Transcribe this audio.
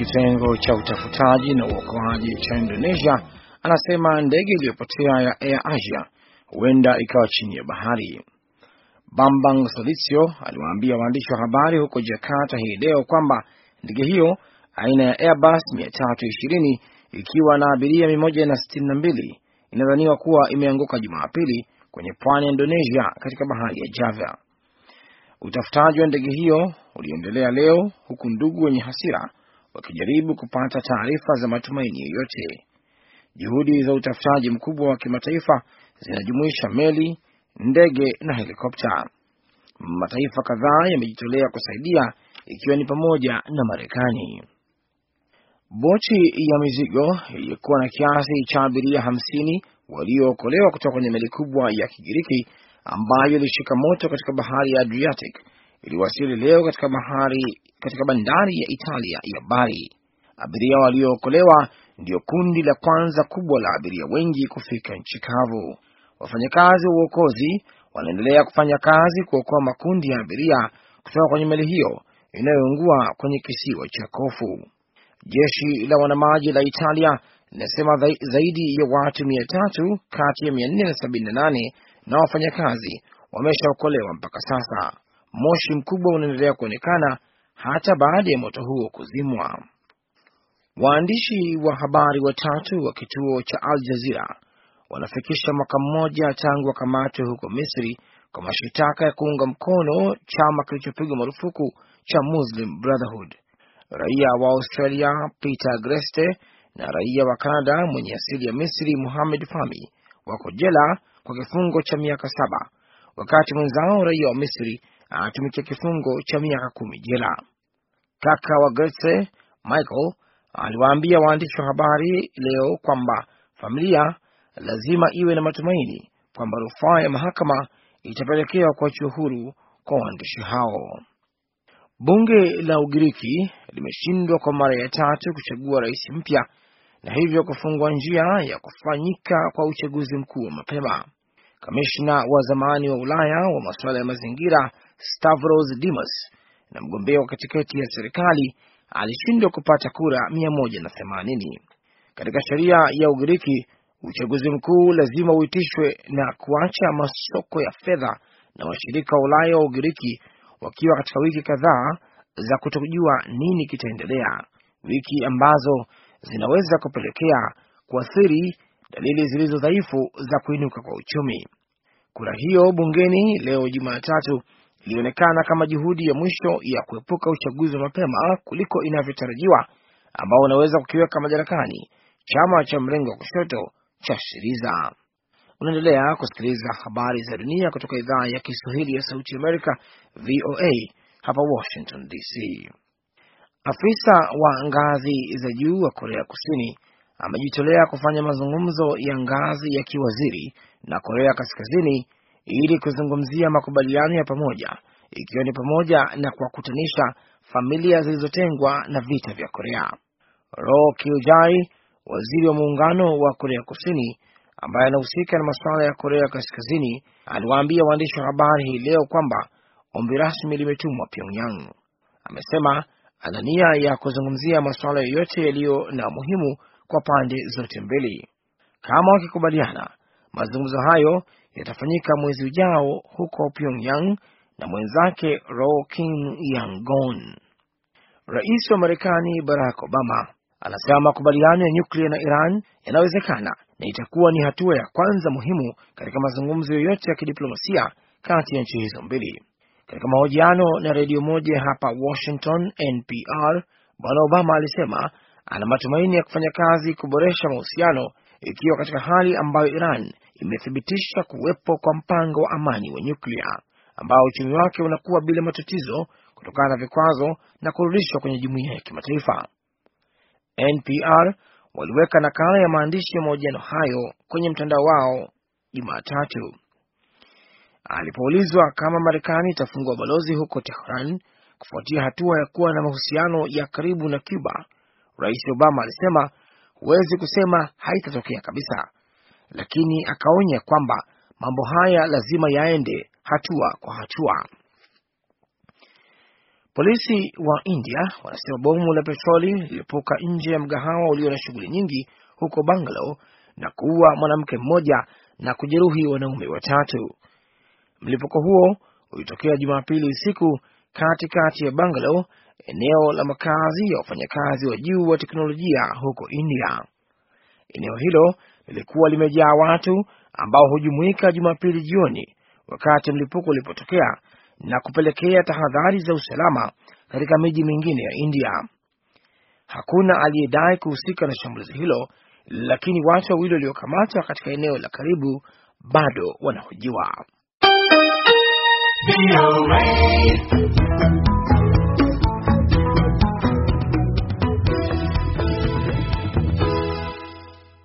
kitengo cha utafutaji na uokoaji cha Indonesia anasema ndege iliyopotea ya Air Asia huenda ikawa chini ya bahari. Bambang Solicio aliwaambia waandishi wa habari huko Jakarta hii leo kwamba ndege hiyo aina ya Airbus 320 ikiwa na abiria 162 inadhaniwa kuwa imeanguka Jumapili kwenye pwani ya Indonesia katika bahari ya Java. Utafutaji wa ndege hiyo uliendelea leo huku ndugu wenye hasira wakijaribu kupata taarifa za matumaini yoyote. Juhudi za utafutaji mkubwa wa kimataifa zinajumuisha meli, ndege na helikopta. Mataifa kadhaa yamejitolea kusaidia ikiwa ni pamoja na Marekani. bochi ya mizigo ilikuwa na kiasi cha abiria hamsini waliookolewa kutoka kwenye meli kubwa ya Kigiriki ambayo ilishika moto katika bahari ya Adriatic iliwasili leo katika mahari katika bandari ya Italia ya Bari. Abiria waliookolewa ndio kundi la kwanza kubwa la abiria wengi kufika nchi kavu. Wafanyakazi wa uokozi wanaendelea kufanya kazi kuokoa makundi ya abiria kutoka kwenye meli hiyo inayoungua kwenye kisiwa cha Kofu. Jeshi la wanamaji la Italia linasema zaidi ya watu mia tatu kati ya mia nne na sabini na nane na wafanyakazi wameshaokolewa mpaka sasa moshi mkubwa unaendelea kuonekana hata baada ya moto huo kuzimwa. Waandishi wa habari watatu wa kituo cha Al Jazeera wanafikisha mwaka mmoja tangu wakamatwe huko Misri kwa mashitaka ya kuunga mkono chama kilichopigwa marufuku cha Muslim Brotherhood. Raia wa Australia Peter Greste na raia wa canada mwenye asili ya Misri muhamed fami wako jela kwa kifungo cha miaka saba, wakati mwenzao raia wa Misri anatumikia ah, kifungo cha miaka kumi jela. Kaka wa gretse Michael aliwaambia waandishi wa habari leo kwamba familia lazima iwe na matumaini kwamba rufaa ya mahakama itapelekewa kuachiwa huru kwa waandishi hao. Bunge la Ugiriki limeshindwa kwa mara ya tatu kuchagua rais mpya na hivyo kufungua njia ya kufanyika kwa uchaguzi mkuu wa mapema. Kamishna wa zamani wa Ulaya wa masuala ya mazingira Stavros Dimas na mgombea wa katikati ya serikali alishindwa kupata kura 180. Katika sheria ya Ugiriki, uchaguzi mkuu lazima uitishwe na kuacha masoko ya fedha na washirika wa Ulaya wa Ugiriki wakiwa katika wiki kadhaa za kutojua nini kitaendelea, wiki ambazo zinaweza kupelekea kuathiri dalili zilizo dhaifu za kuinuka kwa uchumi. Kura hiyo bungeni leo Jumatatu ilionekana kama juhudi ya mwisho ya kuepuka uchaguzi wa mapema kuliko inavyotarajiwa ambao unaweza kukiweka madarakani chama cha mrengo wa kushoto cha siriza Unaendelea kusikiliza habari za dunia kutoka idhaa ya Kiswahili ya Sauti Amerika, VOA hapa Washington DC. Afisa wa ngazi za juu wa Korea Kusini amejitolea kufanya mazungumzo ya ngazi ya kiwaziri na Korea Kaskazini ili kuzungumzia makubaliano ya pamoja ikiwa ni pamoja na kuwakutanisha familia zilizotengwa na vita vya Korea. ro kiljai waziri wa muungano wa Korea Kusini ambaye anahusika na masuala ya Korea Kaskazini, aliwaambia waandishi wa habari hii leo kwamba ombi rasmi limetumwa Pyongyang. Amesema ana nia ya kuzungumzia masuala yoyote yaliyo na umuhimu kwa pande zote mbili. Kama wakikubaliana, Mazungumzo hayo yatafanyika mwezi ujao huko Pyongyang na mwenzake ro Kim Yangon. Rais wa Marekani Barack Obama anasema makubaliano ya nyuklia na Iran yanawezekana na itakuwa ni hatua ya kwanza muhimu katika mazungumzo yoyote ya kidiplomasia kati ya nchi hizo mbili. Katika mahojiano na redio moja hapa Washington, NPR, Bwana Obama alisema ana matumaini ya kufanya kazi kuboresha mahusiano ikiwa katika hali ambayo Iran imethibitisha kuwepo kwa mpango wa amani wa nyuklia ambao uchumi wake unakuwa bila matatizo kutokana na vikwazo na kurudishwa kwenye jumuiya ya kimataifa. NPR waliweka nakala ya maandishi ya mahojiano hayo kwenye mtandao wao Jumatatu. Alipoulizwa kama Marekani itafungua balozi huko Tehran kufuatia hatua ya kuwa na mahusiano ya karibu na Cuba, Rais Obama alisema huwezi kusema haitatokea kabisa, lakini akaonya kwamba mambo haya lazima yaende hatua kwa hatua. Polisi wa India wanasema bomu la petroli lilipuka nje ya mgahawa ulio na shughuli nyingi huko Bangalo na kuua mwanamke mmoja na kujeruhi wanaume watatu. Mlipuko huo ulitokea Jumapili usiku katikati ya Bangalo eneo la makazi ya wafanyakazi wa juu wa teknolojia huko India. Eneo hilo lilikuwa limejaa watu ambao hujumuika Jumapili jioni wakati mlipuko ulipotokea na kupelekea tahadhari za usalama katika miji mingine ya India. Hakuna aliyedai kuhusika na shambulizi hilo, lakini watu wawili waliokamatwa katika eneo la karibu bado wanahojiwa.